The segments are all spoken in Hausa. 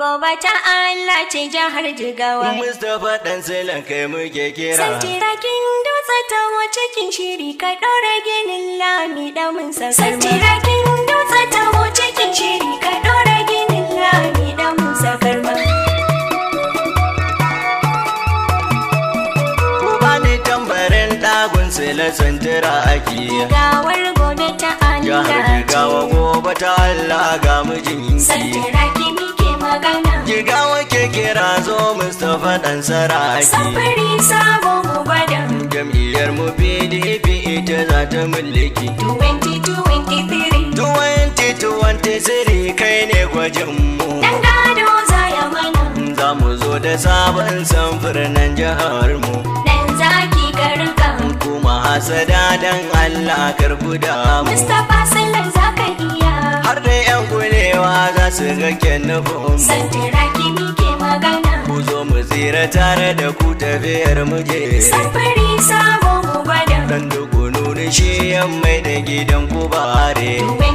Gobe ta Allah ce jihar Jigawa. Mustapha ɗan silan kai muke kira. Santira kin dutse ta wace kin shiri ka ɗora ginin lami ɗamin sa. Santira kin dutse ta wace kin shiri ka ɗora ginin lami ɗamin sa karma. Bani tambarin ɗagun silan santira ake. Gawar gobe ta Allah. Jihar Jigawa gobe ta Allah ga mijin. Santira kimi magana jigawa ke kira zo mustapha dan saraki samfari sabon mu gwada jam'iyyar mu pdp ita za ta mulki 2023 2023 kai ne gwajin mu dan gado za ya mana za mu zo da sabon samfurnan jihar mu dan zaki karka. kuma hasada dan allah karbu da mu mustapha sallan zaka iya har da yan kulewa za su ga kyanubin sandira kimi ke magana ku zo mu zira tare da ku tafiyar muje safari sabo mu gwada dan dugunu nuni shi yan mai da gidan ku bare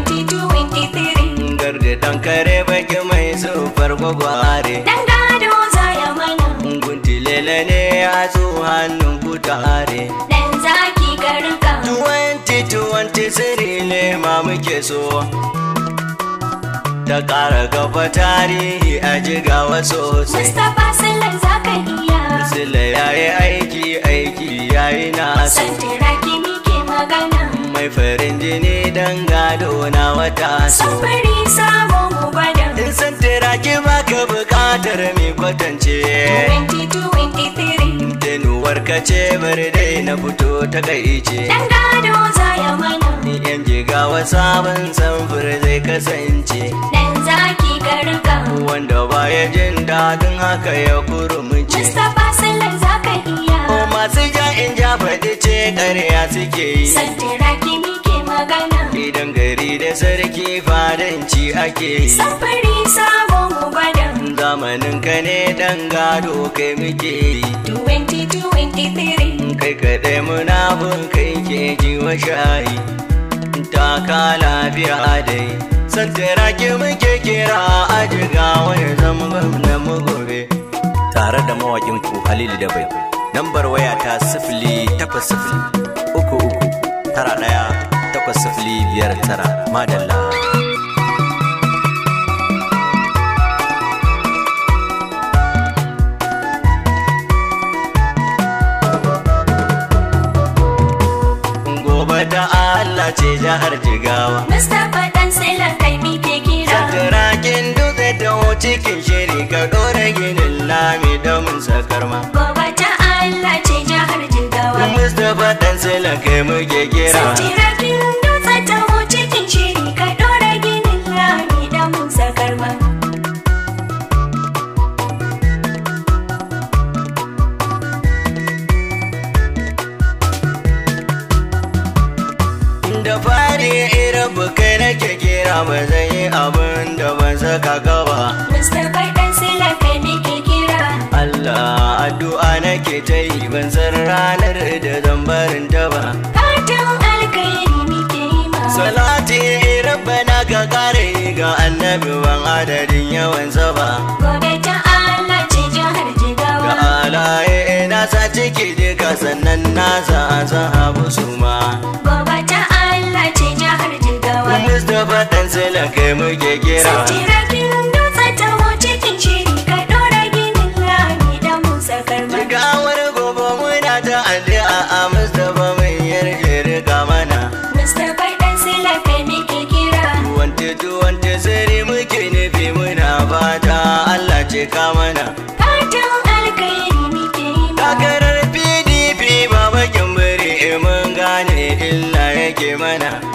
2023 dan kare baki mai zufar gwagware dan gado za ya mana guntilele ne ya zo hannun ku tare dan zaki garinka 2023 ne ma muke so ta ƙara gaba tarihi a jigawa sosai. Mustapha Sallan za ka iya. Sila ya yi aiki aiki ya yi nasu. Santira kimi ke magana. Mai farin jini don gado na wata su. Sufuri sabon gwada. In santira ki baka buƙatar mai kwatance. 2023. nu ka ce bari dai na fito ta kaice dan gado za ya mana ni yan jigawa sabon samfur zai kasance dan zaki garka wanda baya jin dadin haka ya kurumce Mustapha sallan zaka iya ko masu ja in ja faɗi ce ƙarya suke yi santira ki muke magana idan gari da sarki fadanci ake yi samfuri sabon ubana zamanin ka ne dan gado kai muke yi 2023 kai kaɗai bin kai ke ji wa shayi taka lafiya dai santira ke muke kira a jiga wani zama na mu gobe tare da mawakin ku halilu da bai nambar waya ta sifili takwas sifili uku uku tara ɗaya takwas sifili biyar tara madalla ce jihar jigawa mustapha dan sila kai mi ke kira satirakin dutse da cikin shiri ka ɗora ginin lami domin ma gobe ta allah ce jihar jigawa mustapha dan sila kai muke kira ba zan yi abin da ban saka gaba Mustapha dan sila kai nake kira Allah addu'a nake ta yi ban san ranar da zan barin ta ba Fatan alkhairi nake yi ma Salati rabbana ka kare ga annabi ban adadin yawan ba Gobe ta Allah ce jihar Jigawa Ga alaye na sa ciki duka sannan na za a za su ma Gobe ta Mustapha ɗan silan kai muke kira. Santira kiran dutse shiri ka ɗora ginin musa Jigawar gobe muna ta addu'a a Mustapha mai yarje riga mana. Mustapha ɗan muke kira. muke fata Allah ce ka mana. Fatan yi. Takarar PDP ba bakin bari mun gane illa yake mana.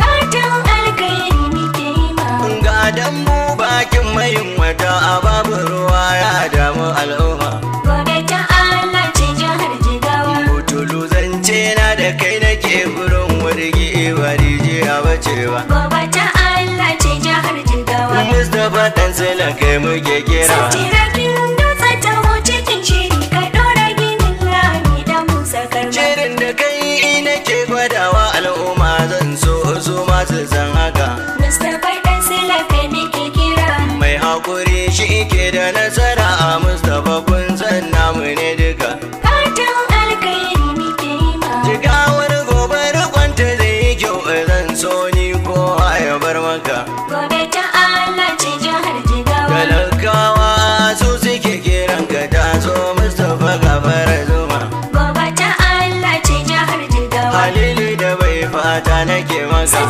Halin bakin mayin wata a babu ruwa ya damu al'umma. Gobe ta Allah ce na da kai nake gurin wargi jiya Gobe ta Allah ce Mustapha kai muke kira. ta cikin shiri ka ginin musa Shirin da kai nake gwadawa al'umma zan so su masu haka. hakuri shi ke da nasara a mustapha kun san namu ne duka fatan alkhairi muke yi ma jigawar gobe rikonta zai yi kyau zan so ni ko ya bar maka gobe ta Allah ce jihar jigawa talakawa su suke kiran ka ta so mustapha kafar zuma gobe ta Allah ce jihar jigawa halilu da bai fata nake maka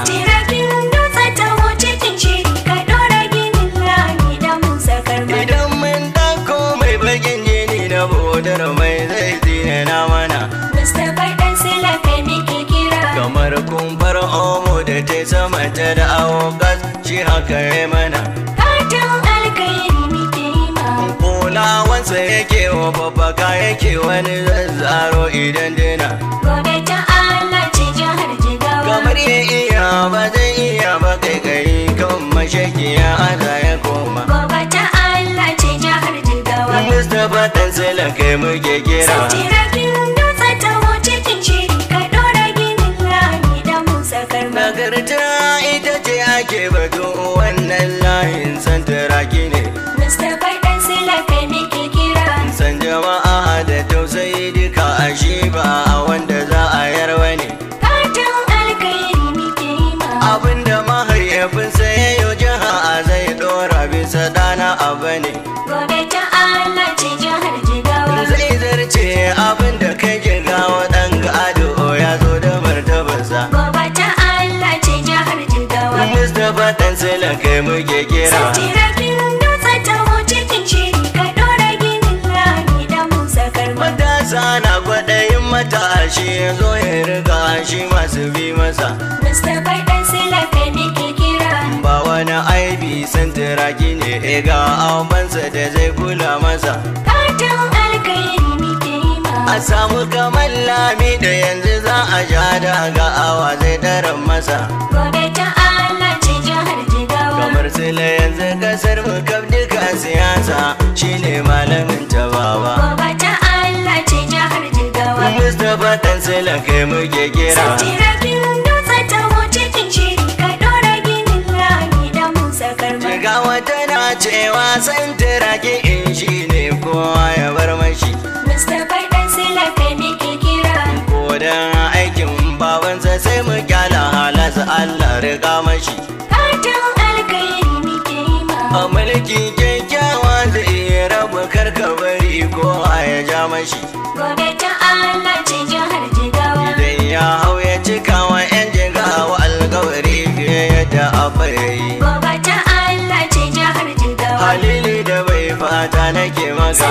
mata da aukat shi haka ya mana fatan alkairi muke ma kulawansa yake wa babbaka yake wani zazzaro idan dina gobe ta Allah ce jihar jigawa kamar ya iya ba zai iya ba kai kai kan ya Allah ya koma gobe ta Allah ce jihar jigawa Mustapha dan sai kai muke kira Satira nagarta ita ce ake batu wannan layin santaraki ne mustapha dan sila kai muke kira san jama'a da tausayi duka ashe ba a wanda za a yarwa ne katon alkairi muke yi ma abinda sai. katsina kai muke kira Matasa na kwaɗayin matashi ya zo ya riga shi masu bi masa. Mustapha ɗan sila kai ke kira. Ba wani aibi san turaki ne eh, ga abansa da zai kula masa. Fatan ne muke yi ma. A samu kamar lami da yanzu za a sha daga awa zai daren masa. Gobe ta sila yanzu kasar mu kam duka siyasa shine malamin ta baba baba ta Allah ce jihar jigawa Mustapha dan sila kai muke kira satirakin dutse ta mu cikin shiri ka dora ginin lami da musa karma jigawa tana cewa san tiraki in shine kowa ya bar mashi Mustapha dan sila kai muke kira ko dan aikin babansa sai mu kyala halasa Allah riga mashi fatan alkai a mulki kyakkyawa da iya rabu bari ko a ya ja mashi gobe ta Allah ce jihar jigawa idan ya hau ya cika wa yan jigawa alkawari fiye yadda a ya yi gobe ta Allah ce jihar jigawa halili da bai fata nake maka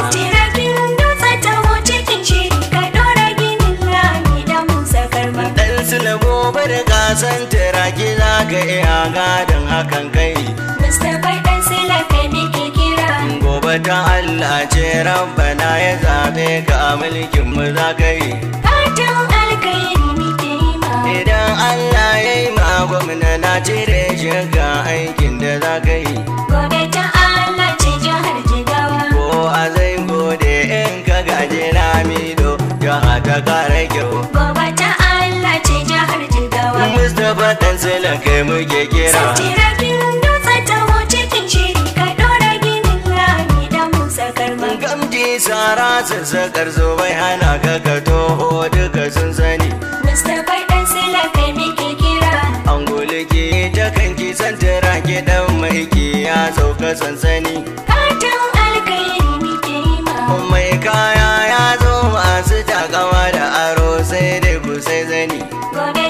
gobe da gasan turaki za ka iya gadon hakan kai Mr. Biden sai lafiya muke kira Gobe ta Allah ce rabbana ya zabe ka a mulkin mu za ka yi Fatan alkairi muke yi ma Idan Allah ya yi ma gwamna na cire shiga aikin da za ka yi Gobe ta Allah ce jihar Jigawa Ko a zai gode in ka gaji Lamido jiha ta kara kansila kai muke kira Gamji tsara sassakar zubai hana gaggato ho duka sun sani. Mustapha ɗan sila kai muke kira. Angole ke ta kan ki santara ki dan mai ki ya sauka sansani. Fatan alkairi muke yi ma. Mai kaya ya zo masu takawa da aro sai dai ku sai zani. Gode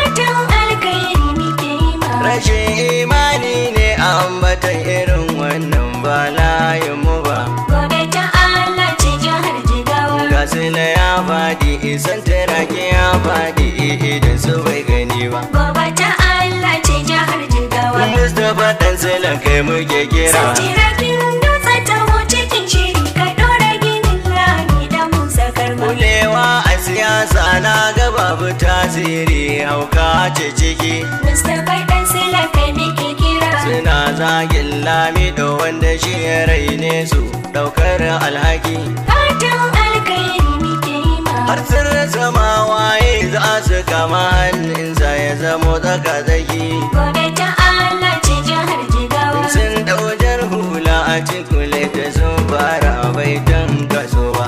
ce imani ne ambatan irin wannan ba layin mu ba gobe ta Allah ce jihar jigawa ga sila ya fadi isan tarake ya fadi idan su bai gani ba gobe ta Allah ce jihar jigawa Mustapha dan sila kai muke kira Santirakin sa na ga babu tasiri hauka ce ciki Mustapha Bardan Sila kai muke kira Suna zagin lamido wanda shi ya raine su ɗaukar alhaki Fatan alkairi muke yi ma Har sun rasa ma waye za su kama hannunsa ya zamo tsaka tsaki Gobe ta Allah ce jihar Jigawa Sun ɗaujar hula a cikin da sun fara bai don kaso ba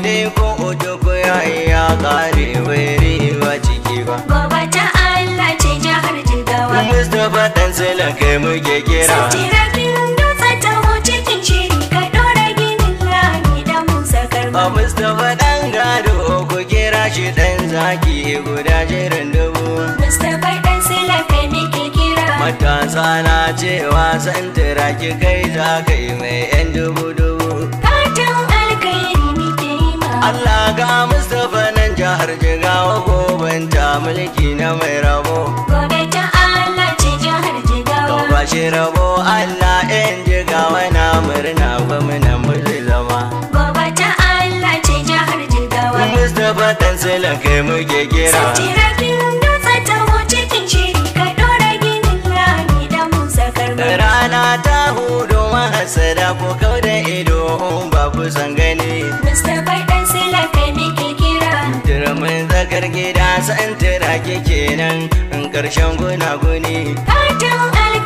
dai ko ojogo ya iya kare wuri ba ciki ba gobe ta Allah ce jihar jigawa Mustapha dan sai kai muke kira Sitira kirin dutse ta ho cikin shiri ka dora ginin lami da Musa Karma Mustapha dan gado ku kira shi dan zaki guda jirin dubu Mustapha dan sai kai muke kira Matasa na cewa san tira ki kai za kai mai yan dubu dubu Allah ga Mustapha nan jihar Jigawa goben ta mulki na mai rabo. Gobe ta Allah ce jihar Jigawa. Ka shi rabo Allah in Jigawa na murna gwamnan mulki zama. Gobe ta Allah ce jihar Jigawa. Mustapha dan sai kai muke kira. Satira kin hasada ko kauda ido ba ku san gani Mr. Bardan Sila kai muke kira Turamin zakar gida san tira ke kenan in karshen gunaguni Fatan alkairi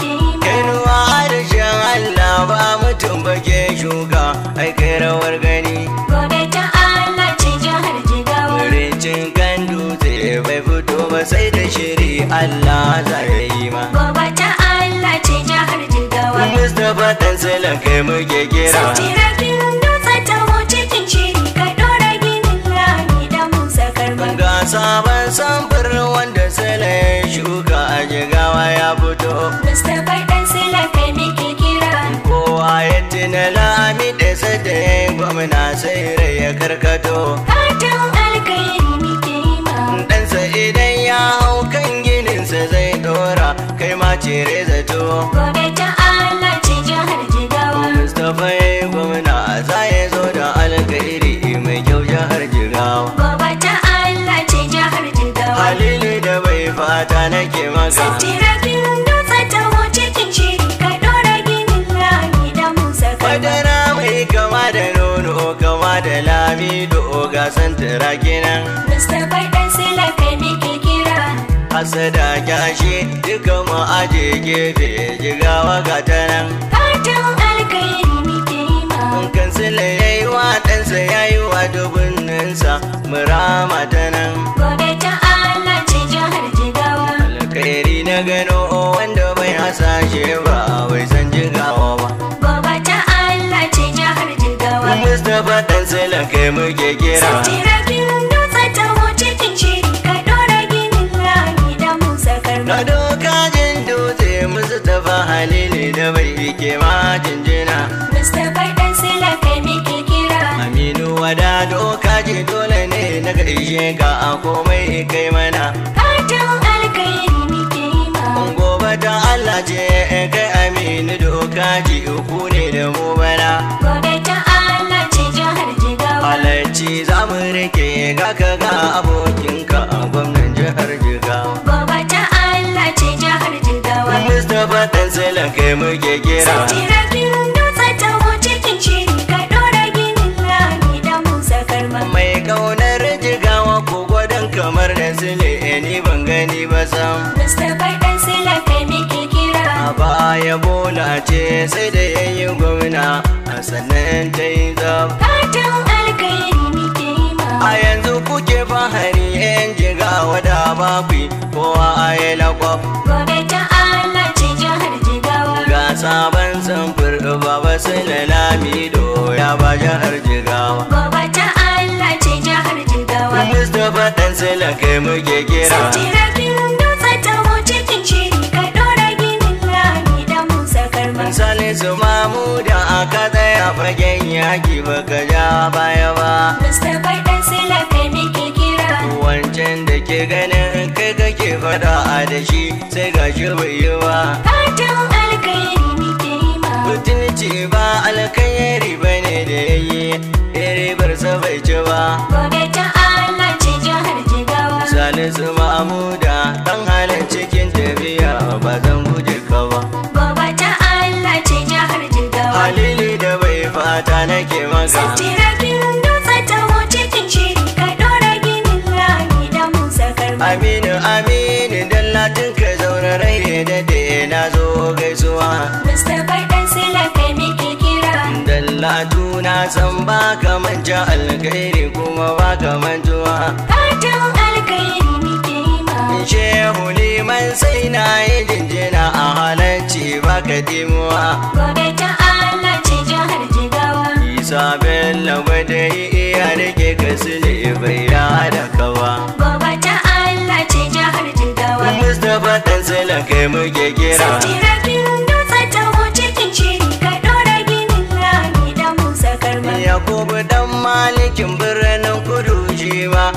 ke yi Kanuwa da shan Allah ba mutum ba ke shuka ai kai rawar gani Gobe ta Allah ce jihar Jigawa cin kan dutse bai fito ba sai da shiri Allah za zai yi ma Gobe garba ɗan silan kai muke kira Santira kin dutse ta cikin shiri ka ɗora ginin lami da musa garba Ga sabon samfur wanda silan shuka a jigawa ya fito Mustapha ɗan silan kai muke kira Kowa ya tina lami da sadin gwamna sai rai ya karkato Fatan alkairi muke yi ma Ɗansa idan ya hau kan gininsa zai ɗora kai ma cire zato Gobe ta bai gwamna za ya zo da alkairi mai kyau jihar jigawa gobe ta Allah ce jihar jigawa halilu da bai fata nake maka satirakin dutse ta shiri ka ginin da musa mai kama da nono kama da lami da oga santira kenan mustapha ɗan sila kai muke kira hasada kyashi duka mu aje gefe jigawa ga ta nan fatan alkairi Wankan sila ya yi wa ɗansa ya yi wa dubunninsa murama ta nan. Gobe ta Allah ce jihar Jigawa. Alkairi na gano wanda bai hasashe ba bai san jigawa ba. Gobe ta Allah ce jihar Jigawa. Mustapha ɗan sila kai muke kira. Satirakin dutse ta wuce kin shiri ka ɗora ginin lami da musa karma. Ka doka jin dutse Mustapha Halilu da bai ike ma jinjina. je ga a komai kai mana fatan alkhairi nike ma gobe da Allah je kai aminu doka ji uku ne da mu bana gobe ta Allah ce jihar jigawa halarci za mu rike ga ka ga abokinka a gwamnan jihar jigawa gobe ta Allah ce jihar jigawa Mustapha dan sai kai muke kira Satira kin dutse ta cikin shiri kamar dan sile eh, ni ban gani ba sam Mustapha dan sila kai muke kira a baya bola ce sai da yi gwamna a sannan ta yi zab fatan alkhairi muke yi ma a yanzu kuke fahari yan jiga wada bakwai kowa a yi lakwaf gobe ta Allah ce jihar jigawa ga sabon samfur baba sai na lamido ya ba jihar jigawa gobe ta Mustapha ɗan sila kai muke kira. Sauti Sani su mamu da aka tsaya fagen yaki baka ja baya ba. Mustapha ɗan sila kai muke kira. Wancan da ke ganin kai kake faɗa a da shi sai ga shi bai yi ba. Fatan alkhairi muke yi ma. Mutunci ba alkhairi ne da ya yayi, iribar sa bai ci ba. su mamuda dan halin cikin tafiya ba zan guje ka ba baba ta Allah ce jihar jigawa halili da bai fata nake maka sattira kirin dutse ta cikin shiri ka dora ginin rami da musa karma aminu aminu dallatin ka zaune rai da da na zo gaisuwa mustapha dan sila kai miki kira dallatu na san ba ka manja alkhairi kuma ba ka manjuwa shehu liman sai na yi jinjina a halarci baka dimuwa gobe ta Allah ce jihar jigawa isa bello gwada yi iya rike ka sule bai da kawa gobe ta Allah ce jihar jigawa mustapha dan sila kai muke kira satirakin dutse ta wuce cikin shiri ka ɗora ginin lami da musa karma yakubu dan malikin birnin kudu jiwa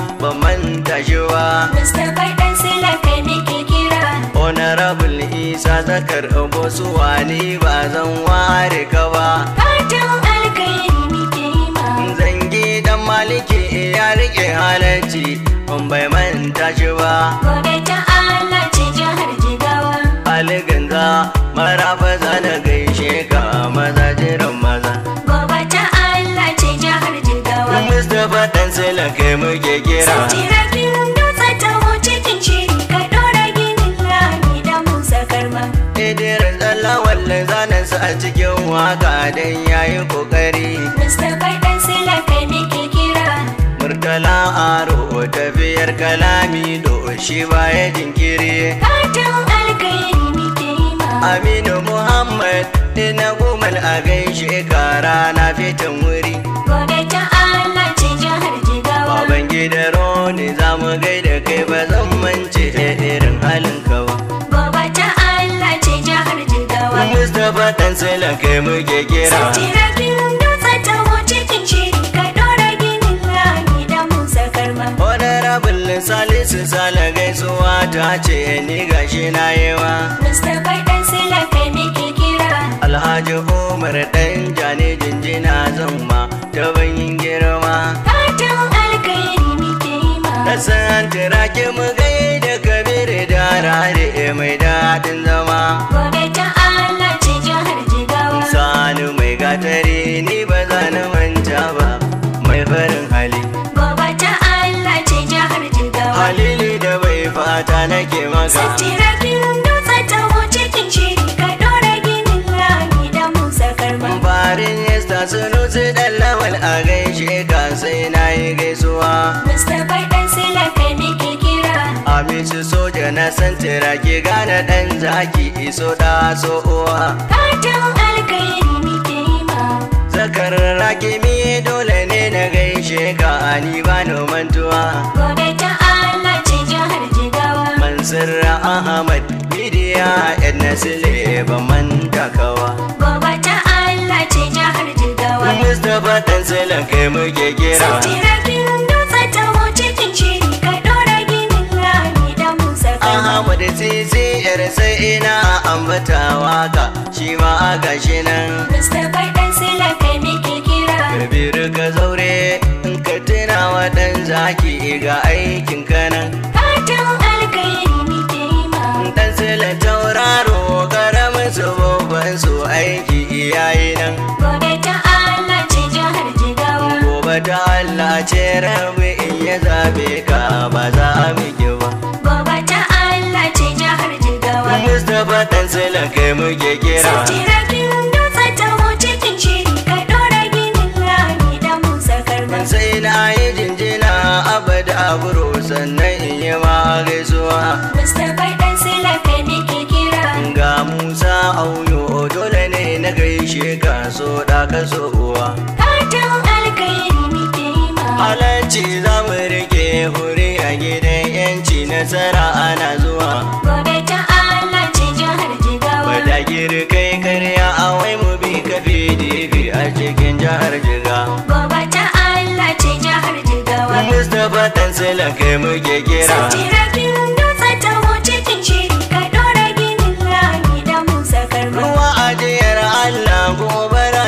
ajiwa Mustapha dan sila kai nake kira Honorable Isa zakar abosu wani ba zan ware ka ba Fatan alkhairi nake yi ma Zangi dan maliki ya rike halarci kun bai manta shi ba Gobe ta Allah ce jihar Jigawa Ali ganga marafa zana gaishe ka maza jiran maza Gobe ta Allah ce jihar Jigawa Mustapha dan sila kai muke kira cikin waka don yayin kokari Mr. Biden sila kai nake kira Murtala aro tafiyar kalami do shi baya jinkiri Fatan alkhairi yi ma Aminu Muhammad ina gomal a gaishe Shekara na fitan wuri Gobe ta Allah ce jihar Jigawa Baban gaba dan tsilan kai muke kira Sitira ginin dutse ta cikin shiri ka dora ginin lami da mun sakar ma Wani salisu sala gaisuwa ta ce ni gashi na yewa Mustapha dan tsilan kai muke kira Alhaji Umar dan jane jinjina zamma ta banyin girma Fatan alkairi muke yi ma Kasan tira ki mu gaida kabiri da rare mai daɗin zama maza. Sunusi dan lawal a gaishe sai na yi gaisuwa. Mr. Biden soja na santira ki gane ɗan zaki iso da so uwa. Fatan alkairi nake yi ma. Zakar raki dole ne na gaishe ka ani ba mantuwa. Gobe ta Ahmad Bidiya yan nasile ba manta kawa Baba ta Allah ce jihar Jigawa Mustapha ɗan silin kai muke kira Sattira kirin dutse ta cikin shiri ka ɗora ginin rami da Musa Ahmad Sisi yar sai ina ambata waka shi ma a gashi nan Mustapha ɗan silin kai muke kira Kabiru ka zaure in ka tuna wa ɗan zaki ga aikin kanan Fatan alkai dan sila tauraro garamin su babban su aiki iyayi nan gobe ta Allah ce jihar jigawa gobe ta Allah ce rabi in ya zabe ka ba za a miki ba gobe ta Allah ce jihar jigawa Mustapha dan sila kai kira ta mu cikin shiri ka ginin na jinjina abada aburo sannan in yi ma gaisuwa Mustapha dan auyo dole ne na gaishe ka so da ka so uwa fatan alkhairi nake ma halarci za mu rike huri a gidan yanci nasara ana zuwa gobe ta Allah ce jihar jigawa bada kai karya a wai mu bi ka pdp a cikin jihar jigawa gobe ta Allah ce jihar jigawa mustapha tansila kai muke kira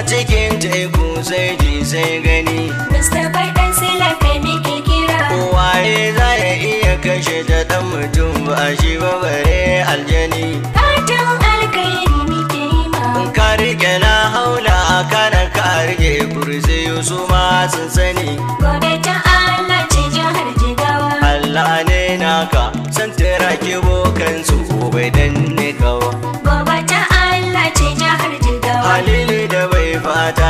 a cikin teku sai ji sai gani Mr. Biden sai lafe muke kira Waye za ya iya kashe ta dan mutum ba a shi ba bare aljani Fatan alkairi ke yi ma Ka rike na haula a kanan ka rike kursi su ma sun sani Gobe ta Allah ce jihar jigawa Allah ne naka san tera kibo kansu gobe dan ne kawa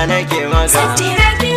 nake maka